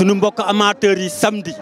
sunu mbokk amateurs yi samedi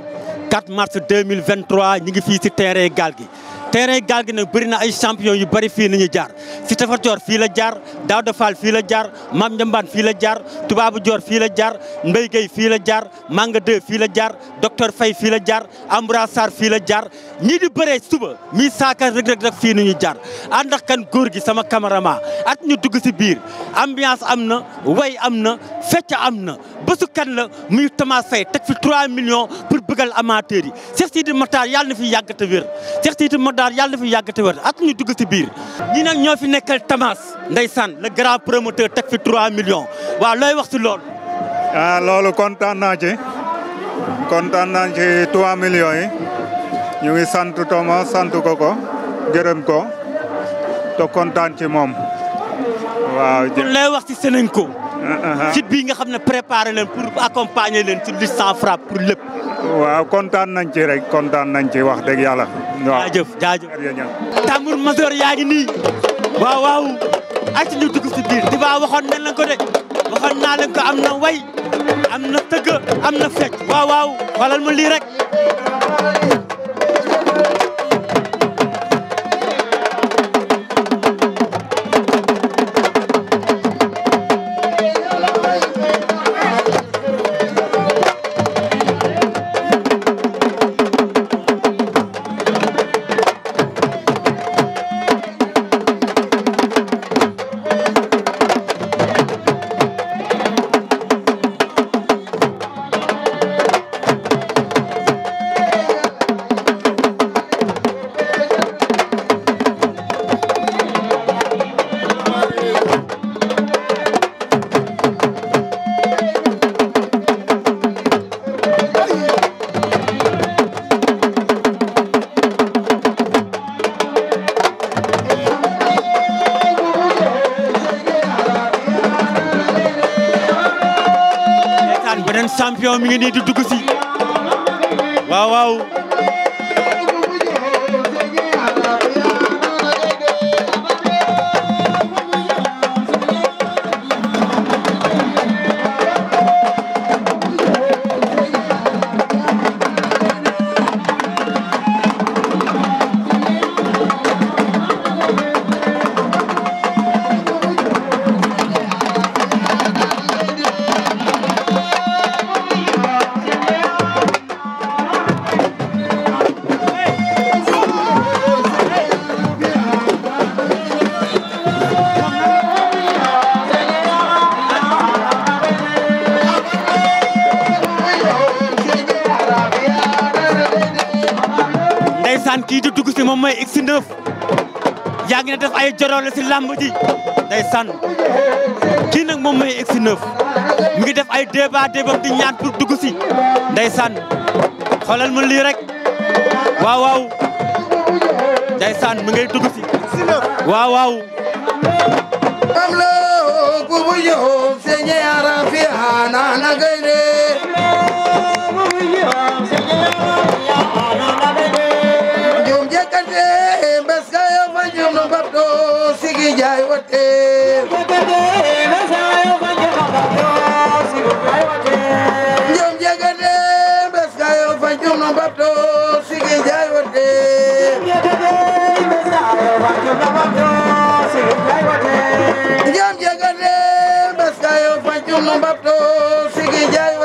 4 mars 2023 ñu ngi fii ci terrain Gaal Gui terrain gaal gi nag bëri na ay champion yu bëri fii nañu jaar Cité Fator fii la jaar Daouda Fall fii la jaar Mame Ndiambane fii la jaar Toubabou Dior fii la jaar Mbaye fii la jaar Manga 2 fii la jaar Docteur Faye fii la jaar Ambra Sarr fii la jaar ñii di bëree suba mi saakar rek rek rek fii nañu jaar ànd ak kan góor gi sama cameraman at ñu dugg si biir ambiance am na way am na fecc am na bésu kan la muy Thomas Faye teg fi 3 millions pour bëggal amateur yi Cheikh Sidi Matar yàlla na fi yàgg te wér daar yàlla na fi yàgg te ñu dugg ci biir. ñi nag ñoo fi nekkal san ndeysaan le grand promoteur teg fi 3 millions waa looy wax ci loolu. ah loolu kontaan naa ci kontaan naa ci 3 millions yi ñu ngi sant Thomas sant ko ko gërëm ko te kontaan ci moom. waaw jërëjëf kon wax ci Sénégal. Ah, ah, ah. nga xam ne préparé leen pour accompagner leen ci lutte sans frappe pour lépp. waaw kontaan nañ ci rek kontaan nañ ci wax dëgg yàlla. waaw jaajëf jaajëf. Tambour Major yaa ngi nii waaw waaw. ak ñu dugg si Diba waxoon nañ la ko de waxoon naa leen am na way am na tëgg am na fecc waaw waaw xoolal ma lii kii di dugg si moom mooy X9 yaa ngi na def ay jorole si làmb ji day sànn kii nag moom mooy X9 mi ngi def ay débat débam di ñaan pour dugg si day sànn xoolal ma lii rek waaw waaw day sànn mi ngay dugg si waaw jaay watee njom jegede bes kayo fa njom no mbapto sigi jaay watee njom jegede bes kayo fa njom no mbapto sigi jaay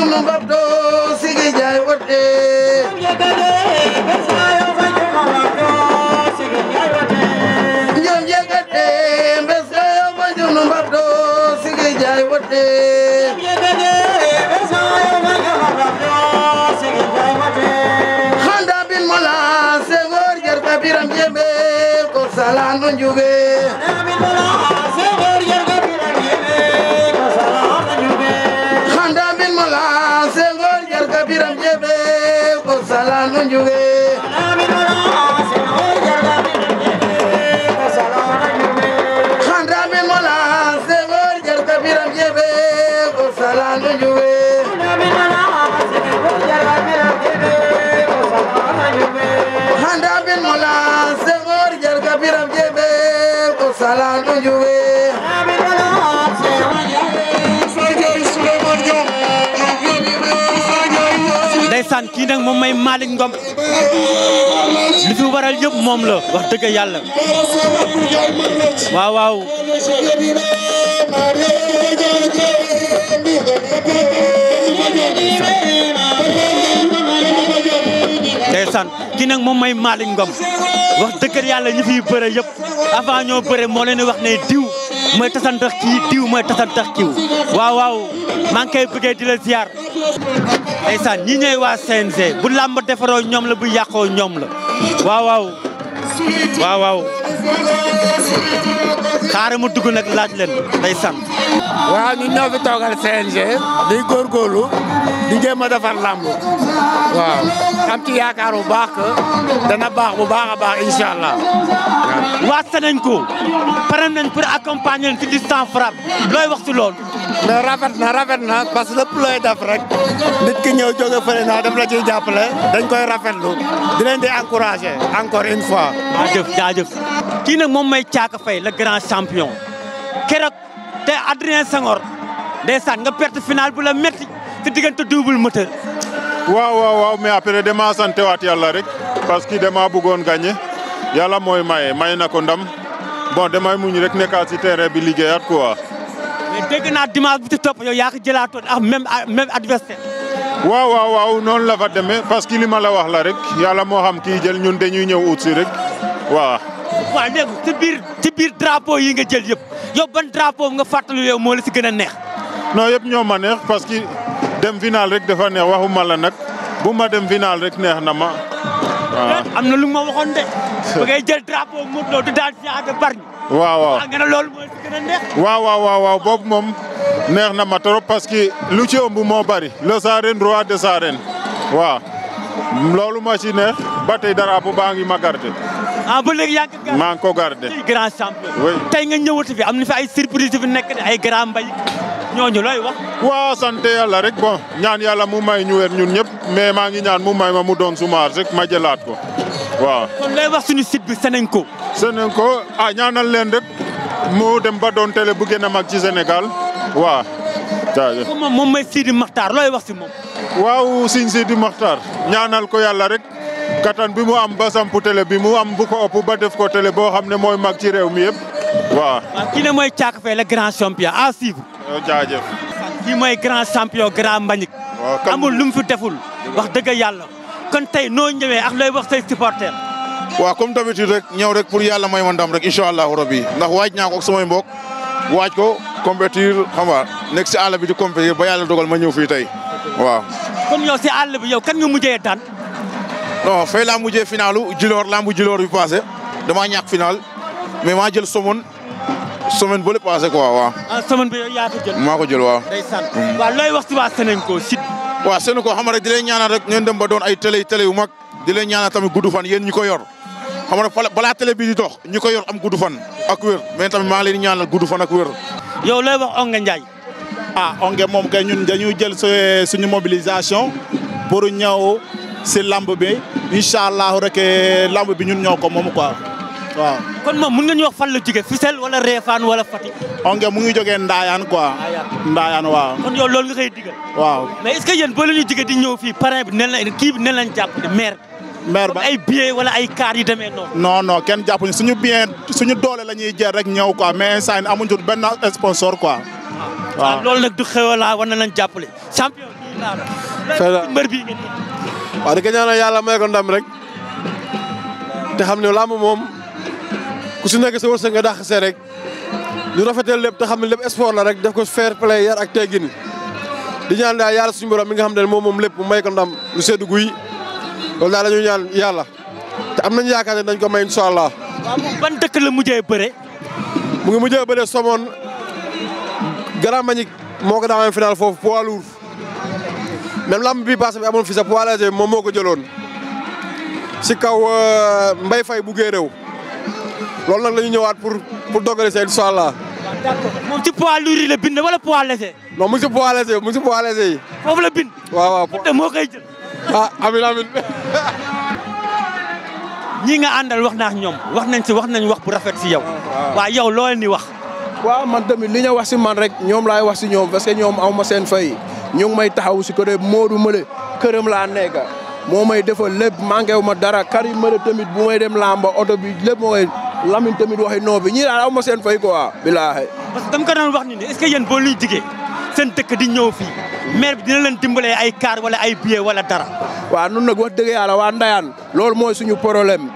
déglu Mbabdo Sigi Ndiaye wote. ñoom yëkkate bés nga yow ma déglu Mbabdo Sigi Ndiaye wote. xanda bin mola Senghor Jarka Biram Jembe ko sala no jóge. jóge kii nag moom may Malick Ngom li fi waral yëpp moom la wax dëgg yàlla waaw waaw ndeysaan kii nag moom may Malick Ngom wax dëgg yàlla ñi fiy bëre yëpp avant ñoo bëre moo leen wax ne diw mooy tasantax kii diw mooy tasantax kiw waaw waaw maa ngi bëggee di la ziar ndeysaan ñi ñooy waa CNG bu lamb defaroo ñoom la bu yàqoo ñoom la waaw waaw waaw waaw xaaral ma dugg nag laaj leen ndeysaan waaw ñu ñoo fi toogal CNG di góorgóorlu di jéem a defar làmb waaw am ci yaakaar bu baax que dana baax bu baax a baax incha allah waa Sénégal pare nañ pour accompagner leen ci distance frappe looy wax ci mais rafet na rafet na parce que lépp looy def rek nit ki ñëw jóge fële naa daf la ciy jàppale dañ koy rafetlu di leen di encouragé encore une fois. jaajëf jaajëf kii nag moom may Thiaka Faye la grand champion keroog te Adrien Senghor ndeysaan nga perte finale bu la métti ci diggante double moteur. waaw waaw waaw mais après dama sant waat yàlla rek parce que dama bëggoon gagné yàlla mooy maye may na ko ndam bon damay muñ rek nekkaat si terrain bi liggéeyaat quoi. mais naa dimanche bi ci topp yow yaa ko jëlaatoon ax même même adversaire. waaw waaw waaw noonu la fa demee parce que li ma la wax la rek yàlla moo xam kii jël ñun dañuy ñëw ut rek waaw. waaw léegi ci biir ci biir drapeau yi nga jël yëpp yow ban drapeau nga fàttali yow moo la si gën a neex. non yëpp ñoo ma neex parce que dem final rek dafa neex waxu mala nag bu ma dem naal rek neex na ma. Ah. am na lu ma waxoon de. ba ngay jël drapeau Modou Lo di daal di Ada Bargny. waaw waaw nga ne loolu mooy neex. moom neex na ma trop parce que lu ci moo bari le Sarène roi de Sarène waaw loolu moo ci neex ba tey drapeau baa ngi ma gardé. ah ba léegi yaa ngi ko gardé maa ngi tey nga ñëwati fi am na fi ay surprise fi nekk de ay grand mbay. ñooñu lay wax. waaw sant yàlla rek bon ñaan yàlla mu may ñu wér ñun ñëpp mais maa ngi ñaan mu may ma mu doon sumaar rek ma jëlaat ko waaw. kon lay wax suñu site bi Sénénko. Sénénko a ah, ñaanal leen rek mu dem ba doon télé bu gën a mag ci senegal waa jaajëf moom moom mooy Sidi Makhtar wax si moom. waaw siñ Sidi Makhtar ñaanal ko yàlla rek. kattan bi mu am ba samp télé bi mu am bu ko ba def ko tele boo xam ne mooy mag ci réew mi yëpp waa waaw ah, kii ne mooy Thiaka Faye le grand champion à suivre. yow jaajëf. kii mooy grand champion grand Mbagnick. amul lu mu fi deful. wax dëgg yàlla kon tey noo ñëwee ak looy wax say supporter waaw comme d'habitude rek ñëw rek pour yàlla may ma ndam rek incha allahu rabi ndax waaj naa ko ak samay mbokk waaj ko compétir xam nekk si àll bi di compétir ba yàlla dogal ma ñëw fi tey waaw. kon yow si àll bi yow kan nga mujjee daan. non fay laa mujjee finalu Djilor lambu Djilor bi passé damaa ñàkk final mais maa jël somon semaine bële passé quoi waaw. ah semaine bi yow ko jël. maa ko jël waaw. ndeysaan mm. waaw looy wax waa Sénégal site bi. waaw seen ko xam rek di leen ñaanal rek ngeen dem ba doon ay télé télé yu mag di leen ñaanal tamit gudd fan yéen ñi ko yor xam nga balaa télé bi di dox ñi ko yor am gudd fan ak wér mais tamit maa ngi leen ñaanal gudd fan ak wér. yow looy wax Ongué Ndiaye. ah Ongué moom kay ñun dañuy jël suñu mobilisation pour ñëw si lamb bi incha allah rek eh, lamb bi ñun ñoo ko mo waaw kon moom mën nga ñu wax fan la jógee Fissel wala Réfane wala Fatick. onge mu ngi jógee Ndaayaan quoi. Ndaayaan waaw. kon yow loolu nga koy digal. waaw mais est ce boo leen ñu di ñëw fii parrain bi nen la kii bi nen lañ jàpp maire. maire ba ay billets wala ay car yi demee noonu. non non kenn jàppuñu suñu bien suñu doole la ñuy rek ñëw quoi mais instant yii amuñu benn sponsor quoi. Ah. waaw ah, loolu nag du xew la ah, war na lañ jàppale. champion bii laa la. xëy di ko ñaanal yàlla may ku si nekk sa wërsëg nga dàq see rek ñu rafetal lépp te xam ne lépp sport la rek def ko fair play yar ak teggin di ñaan daal yàlla suñu borom mi nga xam ne moom moom lépp mu may ko ndam lu seddu guy yàlla te am nañu yaakaar ne dañ ko may incha allah. ban dëkk la mujjee bëre. mu ngi mujjee bëre Somone Grand Manick moo ko daan final foofu poids lourd même lamb bi passé bi amoon fi sa poids léger moom moo ko jëloon si kaw euh, Mbaye Faye bu Guéréo loolu nag la ñu ñëwaat pour pour doggale seen incha allah. d'accord moom ci poids lourd yi la bind wala poids léger. non mu ngi si poids léger foofu la bind. waaw waaw poids moo koy jël. ah amin amin. wax naa ñoom wax nañ si wax nañ wax bu rafet si yow. waaw yow loolu ni wax. waaw man tamit li ñu wax si man rek ñoom laay wax si ñoom parce que ñoom aw ma seen fay ñu ngi may taxaw si côté Modou Mële këram laa nekk moo may defal lépp manqué wu ma dara Karim Mële tamit bu may dem làmba oto bi Lamine tamit waxi non bi ñii daal aw ma seen fay quoi. bilaahi. parce dama ko wax ni ne est ce que yéen seen dëkk di ñëw fii maire bi dina leen dimbalee ay car wala ay billet wala dara. waaw nun nag wax dëgg yàlla waa Ndayane loolu mooy suñu problème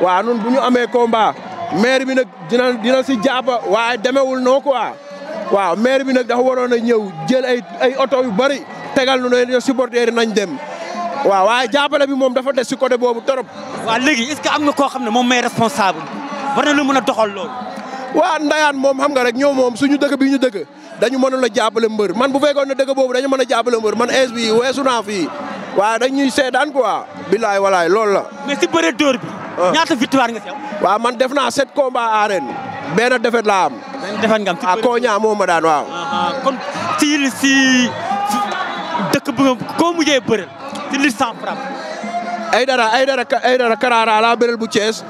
waaw nun bu ñu amee combat maire bi nag dina dina si jaaba waaye demewul noo quoi waaw maire bi nag dafa waroon a ñëw jël ay ay oto yu bari tegal nu ne supporter nañ dem. waaw waaye jàppale bi moom dafa des si côté boobu trop. waaw léegi est koo xam ne moom mooy responsable. war na lu mën a doxal loolu waa ndayaan moom xam nga rek ñoo moom suñu dëkk bi ñu dëkk dañu mënul a jàppale mbër man bu fekkoon ne dëkk boobu dañu mën a jàppale mbër man ins bi weesu naa fii waaye dañuy seedaan quoi bilaay walaay loolu la mais si bëre dóor bi ah. ñaata victoire nga si am waaw man def naa sept combat arène na defet laa am benn defet nga ah, ma daan waaw ah, kon si si dëkk bu nga koo mujjee bëreel ay dara ay dara ay dara karaara bu Thiès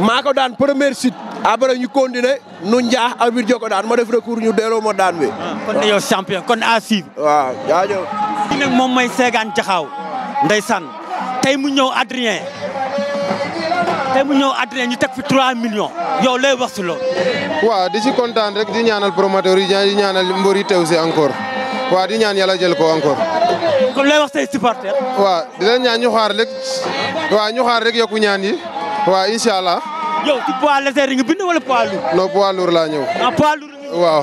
maa ko daan première site après ñu continuer nu njaax arbitre joko daan ma def recours ñu deloo ma daan bi. Ah, kon yow champion kon à suivre. waaw jaajëf. kii nag moom mooy Seegaan Jaxaaw ndeysaan tey mu ñëw Adrien tey mu ñëw Adrien ñu teg fi 3 millions yow lay wax si loolu. di si kontaan rek di ñaanal promoteur yi di ñaanal mbër yi teew si encore waaw di ñaan yàlla jël ko encore. kon lay wax say supporter. waaw di ñaan ñu xaar rek waaw ñaan yi. waaw incha allah. yow ci poids léger nga bind wala poids lourd. non poids lourd laa ñëw. ah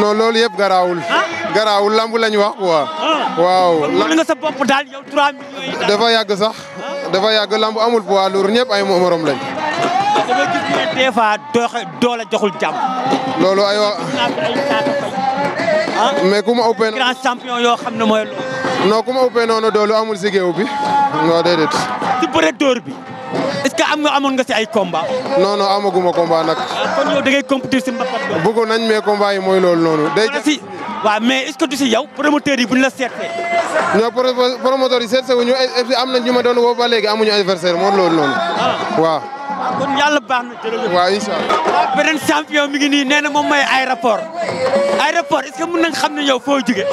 loolu yëpp garaawul. Ah? garaawul lamb lañ wax quoi. Ah. waaw lan nga sa daal yow 3 yàgg sax. dafa yàgg lamb amul poids lourd ñëpp ay morom lañ. dama gis joxul jàmm. mais ku ma ëppee. grand champion yoo xam ne mooy loolu. non ku ma ëppee noonu doolu amul si géew bi non déedéet. si bëre dóor bi est-ce que am nga amoon nga si ay combat non non amaguma combat nag. Ah, kon yow da ngay compétir si mbapat bi. nañ mee combat yi mooy loolu noonu. day si waaw mais est que du si yow promoteur yi buñ la seetee. ñoo promoteur seet se wu ñu am na ñu ma doon woo ba léegi amuñu adversaire moo loolu noonu. Ah. waaw. kon yàlla baax na jërëjëf. waaw incha allah. beneen champion mi ngi nii nee na moom mooy aéroport aéroport est ce que mën nañ xam ne yow foo jóge.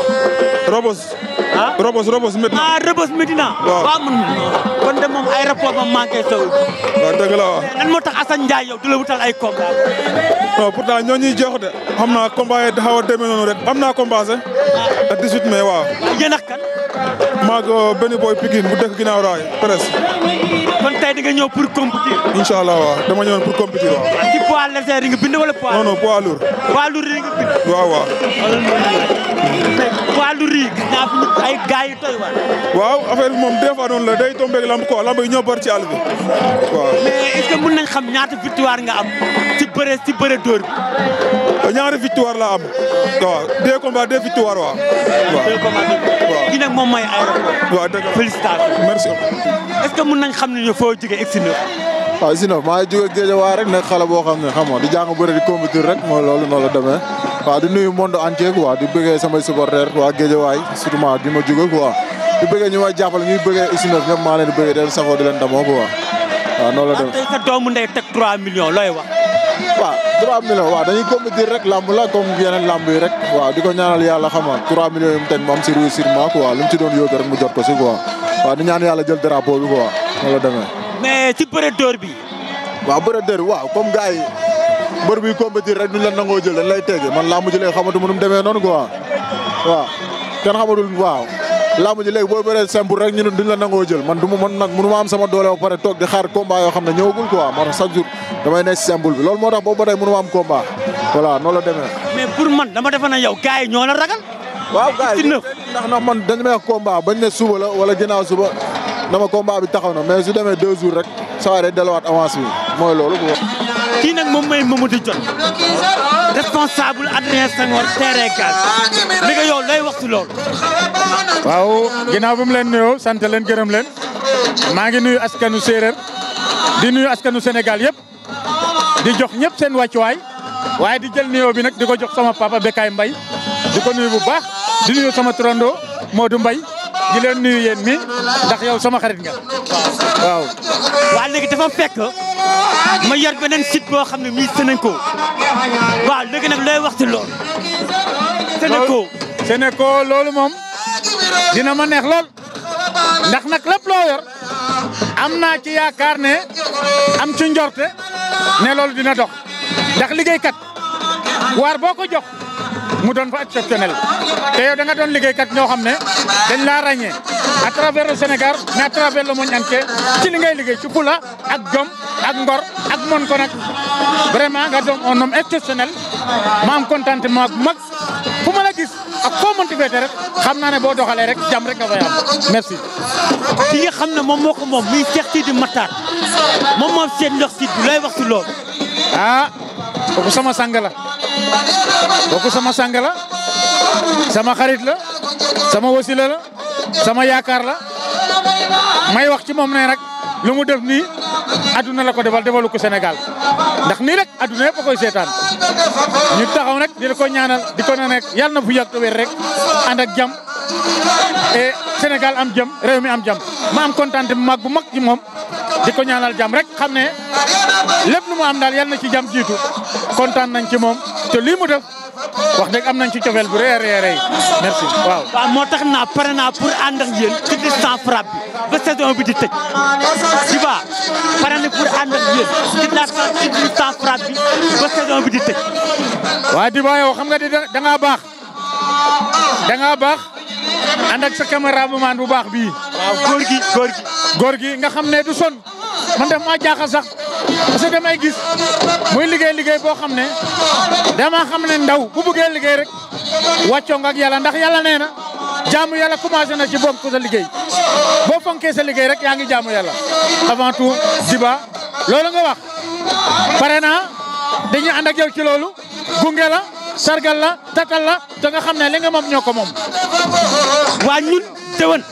Robos. ah Robos Robos Medina. ah Robos Medina. waaw waaw mun kon de moom aéroport ba manqué Sow. waaw dëgg la waaw. moo tax Assane Ndiaye yow du la wutal ay combat. non pourtant ñoo ñuy jox de. xam naa combat yi xaw a noonu rek am naa combat sax. ah 18 waa waaw. yéen ak kan. maag euh, benn boy Pikine bu dëkk ginnaaw raay kon tey di nga ñëw pour compétir. incha allah waaw dama ñëwoon pour compétir waaw. ci poids léger yi nga bind wala poids. non non poids yi nga fi ay gars yu waaw affaire moom des fois noonu la day tombé lamb ko lamb yi ñoo bari ci àll bi waaw. mais nañ xam ñaata victoire nga am ci bëre ci bëre dóor bi. Oh, ñaari victoire la am waaw deux combats deux victoire waaw. deux moom mooy aéroport. waaw dëgg merci. est-ce nañ xam ne foo jugee egg si na. waaw si na maa ngi jugee Guédiawaye rek nekk xale xam ne xam di jàng bëre di compétir rek mooy loolu noonu la demee. waaw di nuyu monde entier quoi di bëggee samay supporters waa Guédiawaye surtout ma di ma jugee quoi di bëggee ñu may jàppale ñuy bëggee X9 ñëpp maa leen di bëggee di leen safoo di leen damoo quoi waaw noonu la demee. tey sa doomu ndey teg 3 millions looy wax. waaw 3 millions waaw di ko ñaanal yàlla xam nga 3 millions yi mu teg mu am si réussir ma lu mu jot ko si quoi waaw di ñaan yàlla jël drapeau noonu la demee. mais ci bëre dóor bi. waaw bëre dóor bi waaw comme gars yi mbër buy compétir rek duñ la nangoo jël dañ lay tege man laa mujj léegi xamatu mu nu mu demee noonu ko waaw kenn xamatul waaw. laamu ji léegi boo bëree simple rek ñu ne duñ la nangoo jël man du ma man nag mënu ma sama doole ba pare toog di xaar combat yoo xam ne ñëwagul quoi moo tax chaque jour damay nekk simple bi loolu moo tax boobu ba tey mënu ma am combat voilà demee. mais pour man dama defe na yow gars yi ñoo la ragal. waaw gars yi ndax man dañ may wax combat bañ ne la wala ginnaaw suba na ma combat bi taxaw na mais su demee deux jours rek saa waay day delluwaat avance bi mooy loolu. kii nag moom mooy Mamadou Dione responsable Adrien Senghor terrain gaz li nga yow lay waxtu loolu. waaw ginnaaw bi leen nuyoo sant leen gërëm leen maa ngi nuyu askanu séeréer di nuyu askanu Sénégal yëpp di jox ñëpp seen wàccuwaay waaye di jël nuyoo bi nag di ko jox sama papa Bekay Mbaye di ko nuyu bu baax di nuyu sama moo Modou Mbaye di leen nuyu yéen mi ndax yow sama xarit nga waaw. waaw léegi dafa fekk ma yor beneen site boo xam ne mii Sénéco waaw léegi nag looy wax ci loolu. Sénéco Sénéco loolu moom dina ma neex lool ndax nag lépp loo yor am naa ci yaakaar ne am ci njorte ne loolu dina dox ndax liggéeykat waar boo ko jox. mu doon fa exceptionnel te yow nga doon liggéeykat ñoo xam ne dañ laa ràññee à travers le Sénégal mais à travers le monde entier ci li ngay liggéey ci fula ak jom ak ngor ak mën vraiment nga doon un homme exceptionnel ma am contentement ak mag fu ma la gis ak foo mënti féete rek xam naa ne boo doxalee rek jàmm rek nga fa merci. ki nga xam ne moom moo ko moom muy Cheikh Sidi Matar moom moom seen ndox si lay wax si ah kooku sama sang kooku sama sang sama xarit la sama wasila la sama yaakaar la may wax ci moom ne rek lu mu def nii adduna la ko defal defalu ko Sénégal ndax nii rek adduna yëpp a koy seetaan taxaw rek di la ko ñaanal di ko ne rek yàlla na fu yàgg wér rek ànd ak jàmm e Sénégal am jàmm réew mi am jàmm ma am kontaan bu bu mag ci moom. di ko ñaanal jàmm rek xam ne lépp lu mu am daal yal ci jàmm jiitu kontaan nañ ci moom te lii mu def wax dëgg am nañ ci cofeel bu rëy a rëy merci waaw. waaw moo tax naa pare naa pour ànd ak yéen ci biir sans frappe bi ba saison bi di tëj tu vois pare na pour ànd ak yéen ci biir sans frappe bi ba saison bi di tëj. waaw di ba yow xam nga di da ngaa baax da ngaa baax. ànd ak sa caméraman bu baax bii. waaw góor gi gi. nga xam ne du son man def maa jaaxal sax parce que damay gis muy liggéey liggéey boo xam ne dama xam ne ndaw bu bëggee liggéey rek wàccoo nga ak yàlla ndax yàlla nee na jaamu yàlla commencé na ci bonk sa liggéey boo fonkee sa liggéey rek yaa ngi jaamu yàlla avant tout Diba loolu nga wax pare naa dañuy ànd ak yow ci loolu gunge la. sargal la takkal la te nga xam ne li nga moom ñoo ko moom. waa ñun déwén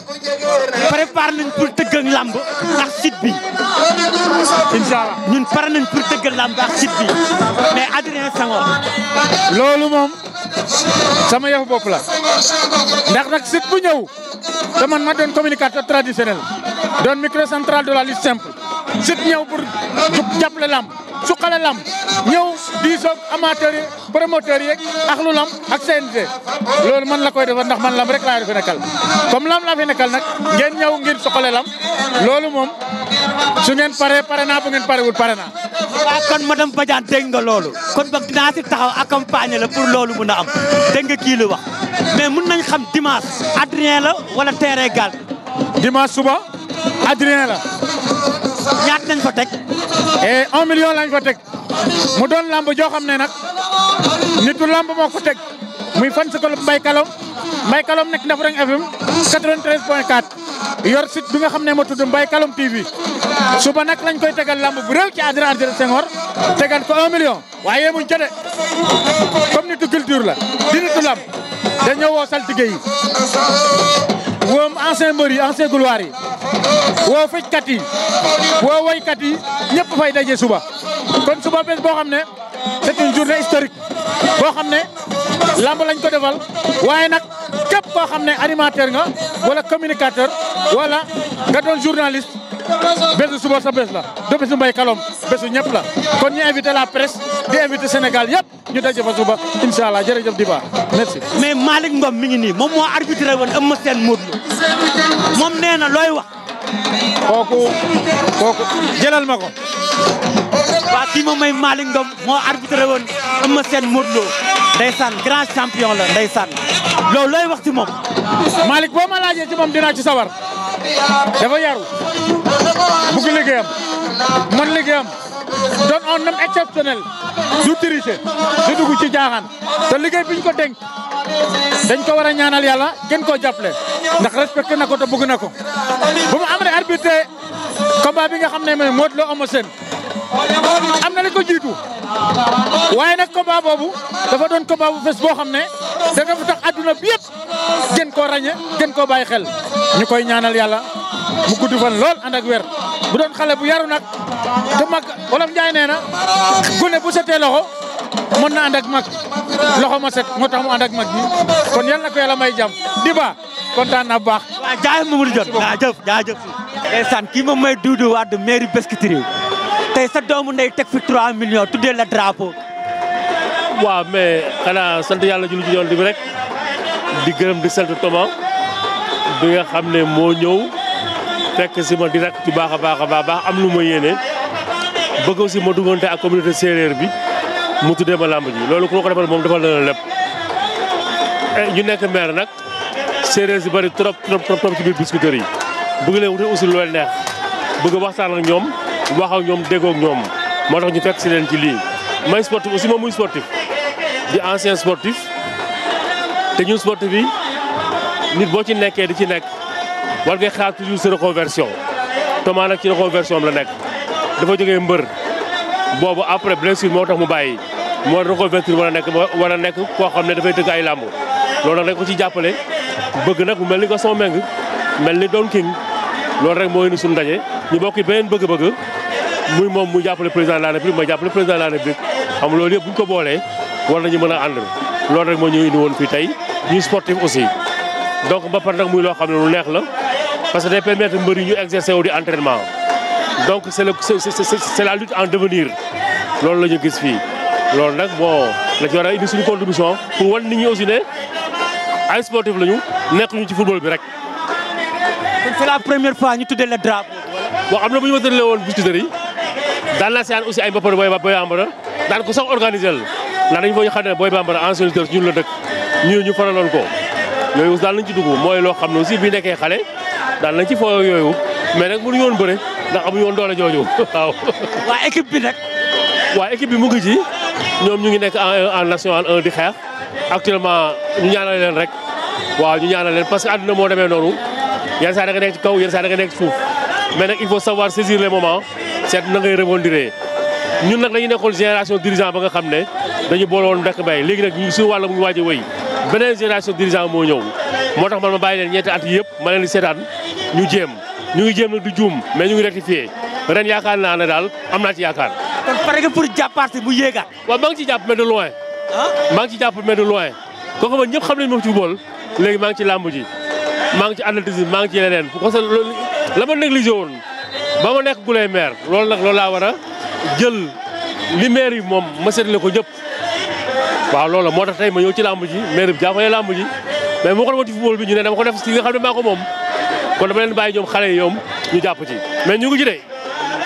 prépare nañ pour tëggal làmb ak sit bi incha allah ñun pare nañ pour tëggal làmb ak site bi mais Adrien Senghor. loolu moom sama yëfu bopp la ndax nag site bu ñëw te man ma doon communicateur traditionnel doon microcentral de la lutte simple site ñëw pour jàppale làmb. suqale lamb ñëw diisoog amateur yi promoteur yeeg ak lu lamb ak CNG loolu man la koy defal ndax man lamb rek laa fi nekkal comme lamb laa fi nekkal nag ngeen ñëw ngir suqale lam loolu moom su ngeen paree pare na bu ngeen pare wul pare na waaw kon madame Badiane dégg nga loolu kon boog dinaa si taxaw accompagner la pour loolu mun a am dégg nga kii lu wax mais mun nañ xam dimanche Adrien la wala terrain Gaal. dimanche suba Adrien la. ñaat nañ fa teg. et un million lañ ko teg mu doon lamb joo xam ne nag nitu lamb moo ko teg muy fan si club Mbaye Kalom Mbaye Kalom nekk Ndefleng FM 93 point 4 yor site bi nga xam ne moo tudd Mbaye Kalom TV suba nag lañ koy tegal lamb bu réew ci Adrien Adrien Senghor tegal ko un million waaye muñ ca de comme nitu culture la di nitu lamb dañoo woo saltige yi woo ancien mbër yi ancien gloire yi woo feckat yi woo woykat yi ñëpp fay daje suba kon suba bés boo xam ne c'est une journée historique boo xam ne lamb lañ ko defal waaye nag képp koo xam ne animateur nga wala communicateur wala nga doon journaliste bésu suba sa bés la du bésu mbay kalom bésu ñëpp la kon ñu invité la presse di invité Sénégal yëpp ñu daje fa suba incha allah jërëjëf Diba merci. mais Malick Ngom mi ngi nii moom moo arbitré woon Eumeu Sène Modou Lo moom nee na looy wax. kooku kooku jëlal ma ko. waa kii moom mooy Malick Ngom moo arbitré woon Eumeu Sène Modou Lo ndeysaan grand champion la ndeysaan loolu looy wax ci moom. Malick boo ma laajee ci moom dinaa ci sawar dafa yaru. bugg liggéeyam man liggéeyam doon un homme exceptionnel du tricher du dugg ci jaaxaan te liggéey biñ ko dénk dañ ko war a ñaanal yàlla gën koo jàppale ndax respecté na ko te bëgg na ko bu mu amee arbitre combat bi nga xam ne mooy Modou Lo Eumeu Sène am na li ko jiitu waaye nag combat boobu dafa doon combat bu fes boo xam ne da dafa tax adduna bi yëpp gën koo ràññe gën koo bàyyi xel ñu koy ñaanal yàlla mu gudd fan lool ànd ak wér bu doon xale bu yaru nag te mag wolof Njaay nee na gune bu setee loxo mën na ànd ak mag loxo ma set moo tax mu ànd ak mag bi kon yal na ko yàlla may jàmm di ba kontaan na bu baax. waaw jaay ma mën jot jaajëf jaajëf. ndeysaan kii moom mooy Doudou Wade mairie Biscuiterie tey sa doomu ndey teg fi 3 millions tuddee la drapeau. waaw mais xanaa sant yàlla julli ci yoon bi rek di gërëm di sant Thomas bi nga xam ne moo ñëw. fekk si ma di rakk ci baax a baax baax am lu ma yéene bëgg aussi ma duggante ak communauté séeréer bi mu tuddee ma làmb ji loolu ku ma ko defal moom defal na la lépp. Eh, ñu nekk maire nag séeréer si bari trop trop trop ci biir Biscuiterie yi bëgg leen wuti aussi lu leen neex bëgg waxtaan ak ñoom wax ak ñoom déggoo ñoom moo tax ñu fekk si leen ci lii. may sportif aussi moom muy sportif di ancien sportif te ñun sportif yi nit boo ci nekkee di ci nekk. war ngay xaar toujours sa reconversion Thomas nag ci reconversion am la nekk dafa jógee mbër boobu après blessure moo tax mu bàyyi moo reconvertir war a nekk war a nekk koo xam ne dafay dëgg ay làmb loolu nag ko ci jàppale bëgg nag mu mel ni Gaston Mbengue mel ni Don King loolu rek moo indi suñu ndaje ñu bokk beneen bëgg-bëgg muy moom mu jàppale président de la république ma jàppale président de la république xam loolu yëpp bu ñu ko boolee war nañu mën a ànd loolu rek moo ñu indi woon fii tey ñuy sportif aussi donc ba nag muy loo xam ne lu neex la parce que day permettre mbër yi ñu exercer wu di entraînement donc c' est la lutte en devenir loolu la ñu gis fii. loolu nag bo la ci war a indi suñu contribution pour wan nit ñi aussi ne ay sportif lañu nekkuñu ci football bi rek. kon c' est la première fois ñu tuddee le drapeau. waaw am na bu ñu ma tëralee woon biscuiterie daan naa si aussi ay mbappar booy booy bambara daan ko sax organiser la ndax dañu foog ñu xam ne booy bambara ancien lutteur ñun la dëkk ñu ñu faraloon ko yooyu daal nañ ci dugg mooy loo xam ne aussi xale. daan nañ ci foo yooyu mais nag mënuñu woon bëre ndax amuñu woon doole jooju waaw. équipe bi nag. waa équipe bi mu ngi ci ñoom ñu ngi nekk en en national 1 di xeex actuellement ñu ñaanal leen rek waaw ñu ñaanal leen parce que addina moo demee noonu yenn sa da nga nekk ci kaw yenn saa da nga nekk ci suuf mais nag il faut savoir saisir les moments seet na ngay ñu ñun nag dañu nekkoon génération dirigeant ba nga xam ne dañu boole woon mbéq mbay léegi nag suñu wàll mu ngi waaj a beneen génération dirigeant moo ñëw moo tax man ma bàyyi leen ñetti at yëpp ma leen di seetaan ñu jéem ñu ngi jéem nag du juum mais ñu ngi rectifié ren yaakaar naa ne daal am naa ci yaakaar. kon pare nga pour jàppaat bu yéegaat. waaw maa ngi ciy jàpp mais de loin. Ah? maa ngi ciy jàpp mais de loin. kooku man ñëpp xam nañu moom ci léegi maa ngi ci làmb ji maa ngi ci athlétisme maa ngi ci leneen parce que la ma négligé woon ba ma nekk gu lay maire loolu nag loolu laa wara jël li maire yi moom ma seetlu ko ñëpp waaw loolu moo tax tey ma ñëw ci làmb ji maire bi jàppale làmb moo ko defoon ci football bi ñu ne dama ko def si nga xam ne maa ko moom leen bàyyi ñoom xale yi ñu jàpp ci mais ñu ngi ci de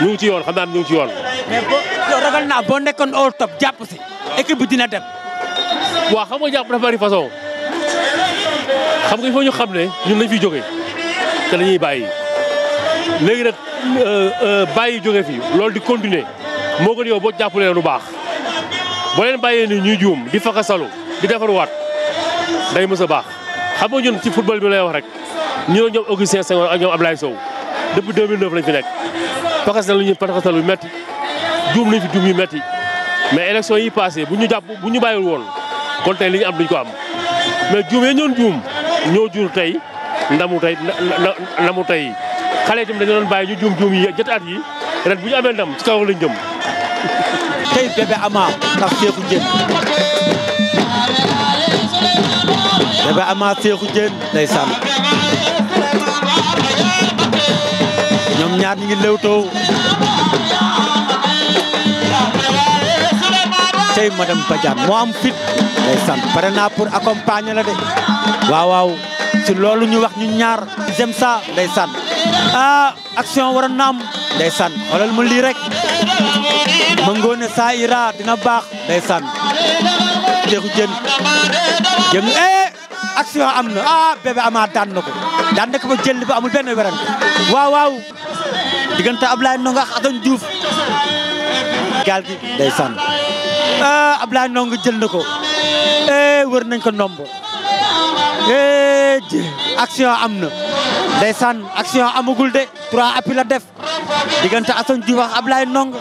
ñu ngi ci yoon xam naa ñu ngi ci yoon. mais boo ragal naa boo nekkoon au top jàpp si équipe dina dem. waaw xam nga jàpp dafa bari façon xam nga il faut ñu xam ne ñun lañ fiy jógee te dañuy bàyyi léegi nag euh, euh, bàyyi jógee fii loolu di continuer moo gën yow boo jàppalee lu baax. boo leen ni ñuy juum di faxasalu di defarwaat day mës baax xam nga ñun ci football bi lay wax rek ñu ne ñoom Augustin Senghor ak ñoom Abdoulaye Sow depuis 2009 lañ fi nekk faxasal ñu faxasal yu metti juum lañ fi juum yu metti mais élection yi passé bu ñu jàpp bu ñu bàyyiwul woon kon tey li ñu am duñ ko am mais juum ya ñoon juum ñoo jur tey ndamu tey ndamu tey xale itam dañu doon bàyyi ñu juum juum yi jëtaat yi ren bu ñu amee ndam ci kaw lañ jëm tey bébé ama ndax Seexu Jeen bébé ama Seexu Jeen ndeysaan ñoom ñaar ñi ngi lewtoo tey madame Badiane moo am fit ndeysaan pare naa pour accompagne la de waaw waaw ci loolu ñu wax ñu ñaar j'aime ça ndeysaan ah, action waroon na am ndeysaan xoolal ma rek ma ngoon saa ira dina baax ndeysaan jeexu jën jën eh action am na ah bébé ama daan na ko daan na ko jël ba amul benn werante waaw waaw diggante Ablaye Ndongo ak Assane Diouf gi ndeysaan ah Ablaye Ndongo jël na ko eh wër nañ ko ndombo eh action am na ndeysaan action amagul de trois appels la def diggante Assane Diouf ak Ablaye Ndongo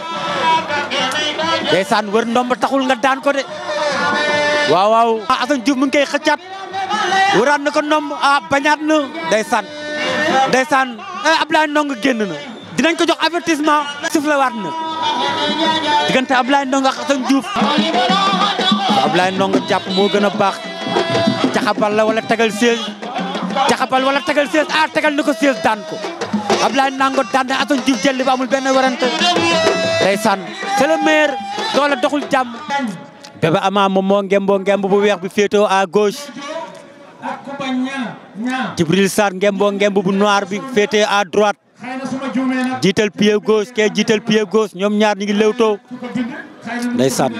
ndeysaan wër ndomb taxul nga daan ko de waaw waaw ah, Assane Diouf mu ngi koy xëccaat wëraat na ko ndomb a ah, bañaat na ndeysaan ndeysaan eh, Ablaye Ndong génn na dinañ ko jox avertissement siflewaat na diggante Ablaye Ndong ak Assane Diouf Ablaye Ndong jàpp moo gën a baax caxabal la wala tegal siège caxabal wala tegal siège a ah, tegal na ko siège daan ko Ablaye Ndong daan na Assane Diouf jël li amul benn warante ndeysaan c'est le doole doxul jàmm Bébé Ama moom moo ngemb bu weex bi féetoo à gauche Djibril Sarr ngemboo ngemb bu noir bi féetee à droite jiital pied gauche kee jiital pied gauche ñoom ñaar ñi ngi lewtoo ndeysaan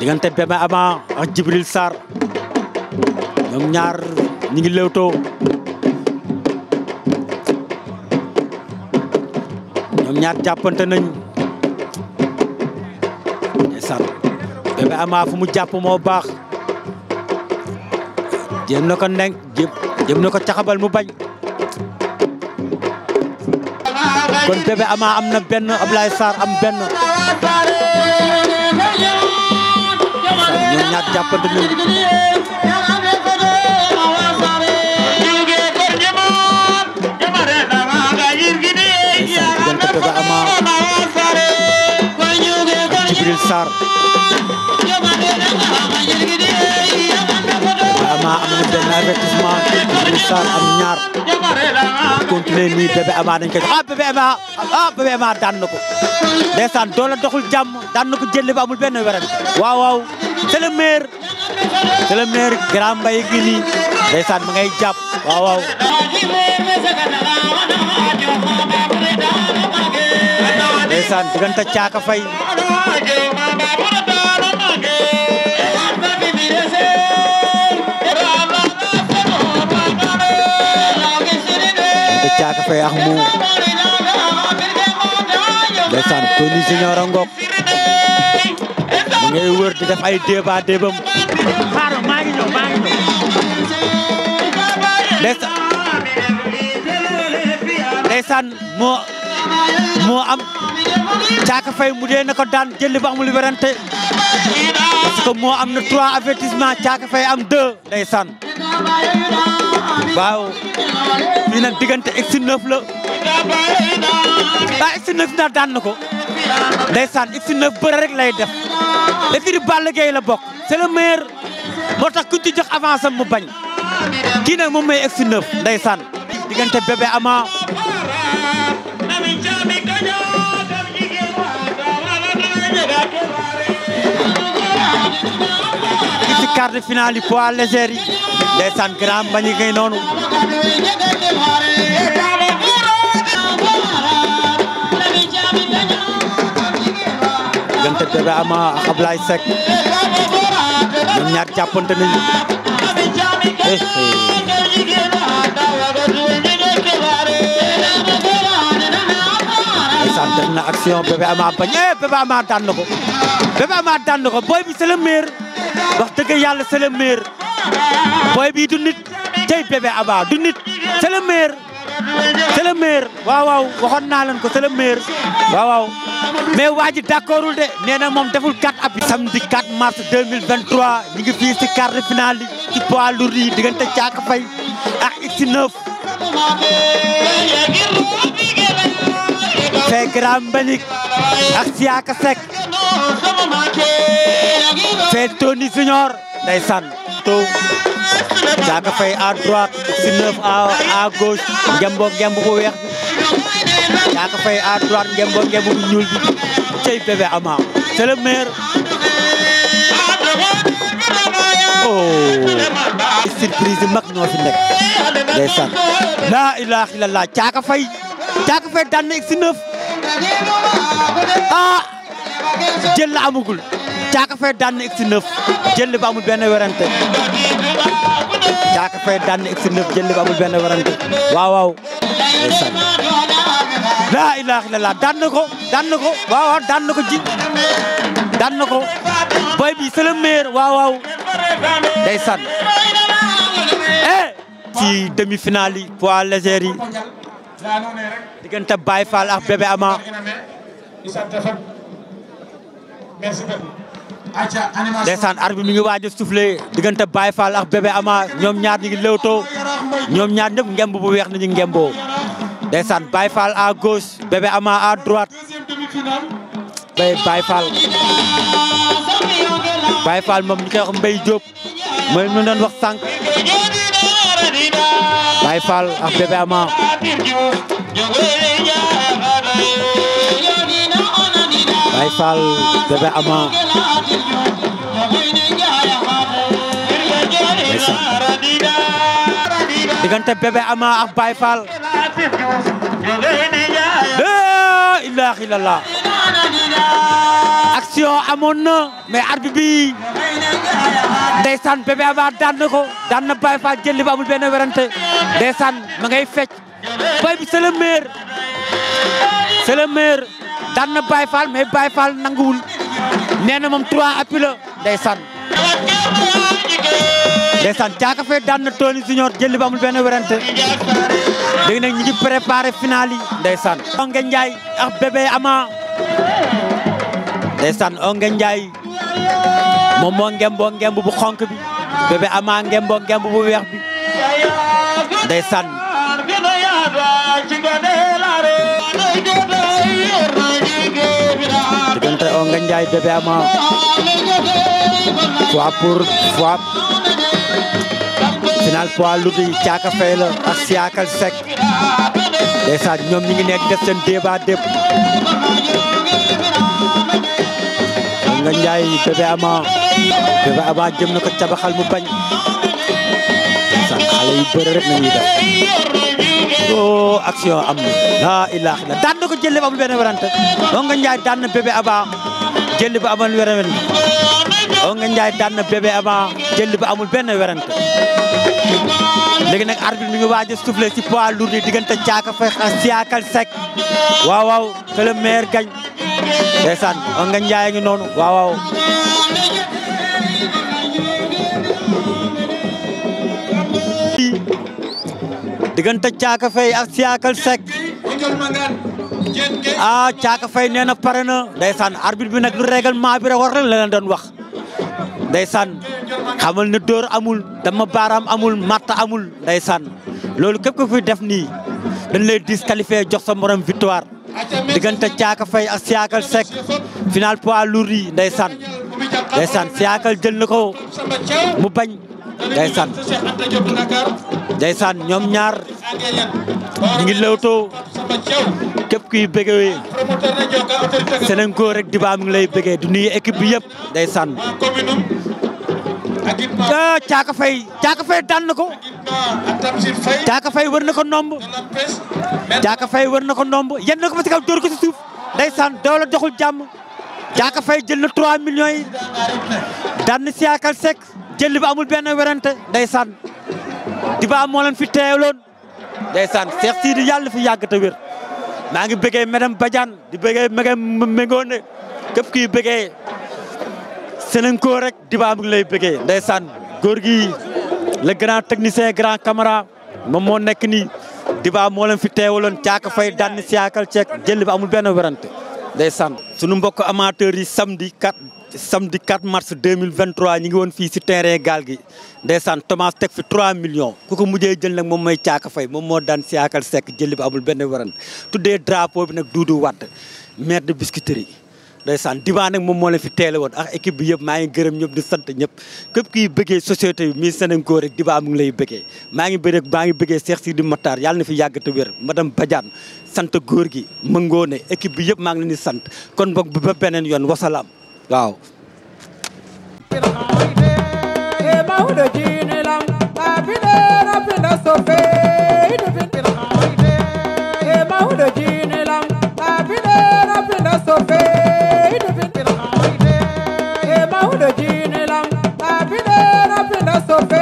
diggante Bébé Ama ak Djibril ñoom ñaar ñi ngi ñoom ñaar jàppante nañu ndeysaan Bébé Ama fu mu jàpp moo baax jéem na ko ndenk jéem na ko caxabal mu bañ kon Bébé Ama am na benn Ablaye Sarr am benn ñoom ñaar jàppante nañu amaa am na benn avertissement Ibou am ñaar continuer nii bébé amaa dañ koy ah bébé amaa ah bébé amaa daan na ko ndeysaan doole doxul jàmm daan na amul benn wéren waaw waaw c'est le grand mbay gi nii ndeysaan ma ngay jàpp waaw waaw ndeysaan diggante caaka fay café ak mu ndeysaan Tony Junior a ngoog mu am caaka fay mu dee na ko daan jëli ba amul werante parce que moo am na trois avertissement caaka fay am deux ndeysaan waaw fii nag diggante X9 la ah X9 naa daan na ko ndeysaan X9 bëre rek lay def écurie Balla Gaye la bokk c'est moo tax kuñ ci jox avance am mu bañ kii nag moom mooy X9 ndeysaan diggante bébé ama ci quart de finale yi poids ndeysaan Grand Mbagnick ngay noonu diggante Bébé Ama ak Ablaye Seck ñoom ñaar jàppante nañu ndeysaan def na action Bébé Ama bañ eh, Bébé Ama daan na ko Bébé Ama daan bi c'est le meilleur wax dëgg booy bii du nit tey bébé Aba du nit c'est le maire c'est naa leen ko c'est le maire waaw waaw mais waa ji d'accordul de nee moom deful 4 appuis samedi 4 mars 2023 ñu ngi fii si quart de finale yi ci poids lourds yi diggante Thiaka Faye ak X9 fee Grand Mbagnick ak Thiaka Seck fee Tony Junior ndeysaan Caaka Faye à droite si neuf à à gauche ngemboo ngemb weex Caaka Faye à droite ngemboo ngemb bu ñuul bi cey bébé Ama c'est maire oh surprise yi mag ñoo nekk ndeysaan laa Caaka Faye Caaka Faye daan na si neuf ah jël la amagul Caaka Faye daan na si neuf jël ba amul benn werante Caaka Faye daan na jël ba amul benn werante waaw laa ilaaha illallaah daan na ko daan na ko waaw waaw daan na ko ji daan na ko boy bi c'est le meilleur waaw eh, ci demi-finale yi poids légers yi diggante Baye Fall ak ndeysaan arbitre bi mi ngi waaj a soufflé diggante Bébé Ama ñoom ñaar ñu ngi ñoom ñaar ñëpp ngemb bu weex nañu ngemboo ndeysaan Baye Fall a gauche Bébé Ama à droite bay Baye moom ñu koy wax mooy ñu doon wax sànq Baye Fall ak Bébé Ama Baye Fall Bébé Ama diggante Bébé Ama ak Baye laa ilaaha illallah action amoon na mais arbitre bi Bébé Ama daan na ko daan na Baye Fall jël li ba amul werante ndeysaan ma ngay fecc Baye bi c'est daan na Baye Fall mais Baye Fall nanguwul nee na moom trois appuis la ndeysaan ndeysaan caaka fee daan na Tony Junior jëli ba amul benn werante léegi nag ñu ngi préparé final yi ndeysaan Onge Ndiaye ak bébé Ama ndeysaan Onge Ndiaye moom moo ngemboo ngemb bu xonk bi bébé Ama ngemboo ngemb bu weex bi ndeysaan Ndiaye bébé Ama poids pour poids final poids lu caaka fay la ak siyaakal sec ndeysaan ñoom ñi ngi nekk def seen débat dépp nga Ndiaye bébé Ama bébé Ama jëm na cabaxal mu bañ san xale yu bëri rek nañuy def oh, action am na illa daan na ko jëlee amul benn warante donc nga Ndiaye daan na bébé Ama jël bi amul werante Ongué Ndiaye daan na Bébé Ama jël bi amul benn werante léegi nag arbitre mi ngi waaj a soufflé ci poids lourd yi diggante caaka fay siyaakal sec waaw waaw que le maire gagne ndeysaan ngi noonu waaw waaw diggante caaka fay ak siyaakal sec ah Caaka Faye nee na pare na ndeysaan arbitre bi nag lu règlement bi rek war leen la leen doon wax ndeysaan xamal na dóor amul dama baaraam amul matta amul ndeysaan loolu képp ko fi def nii dañ lay disqualifié jox sa morom victoire diggante Caaka Faye ak Siakal sek final poids lourd yi ndeysaan ndeysaan Siakal jël na ko mu bañ ndeysaan ndeysaan ñoom ñaar ñu ngi lewtoo képp kii bëggee Sénégal rek Diba mi ngi lay bëggee du nuyu équipe bi yëpp ndeysaan ah Caaka Faye Caaka Faye daan na ko Caaka Faye wër na ko nomb Caaka Faye wër na ko ndomb yenn na ko ba si kaw dóor ko si suuf ndeysaan doole doxul jàmm Caaka Faye jël na 3 millions yi daan na Siakal jël bi amul benn werante ndeysaan Diba moo leen fi teewloon ndeysaan Cheikh Sidi yàll fi yàgg te wér maa ngi bëggee madame Badiane di bëggee madame Mengone képp ki bëggee Sénégal rek Diba mu ngi lay bëggee ndeysaan góor gi le grand technicien grand caméra moom moo nekk nii Diba moo leen fi teewaloon caaka fay daan siyaakal ceek jël bi amul benn werante ndeysaan sunu mbokk amateur yi samedi samedi 4 mars 2023 ñi ngi woon fii si terrain gaal gi ndeysaan Thomas teg fi 3 millions ku ko mujjee jël nag moom mooy caaka fay moom moo daan siyaakal sekk jëli bi amul benn waran tuddee drapeau bi nag Doudou Wade maire de Biscuiterie ndeysaan divan nag moom moo leen fi teele woon ak équipe bi yëpp maa ngi gërëm ñëpp di sant ñëpp képp kiy bëggee société bi mi Sénégal rek divan mu ngi lay bëggee maa ngi bëgg maa ngi bëggee Cheikh Sidi Matar yàlla na fi yàgg te wér madame Badiane sant góor gi mëngoone équipe bi yëpp maa ngi leen di sant kon boog ba beneen yoon wasalaam waaw. so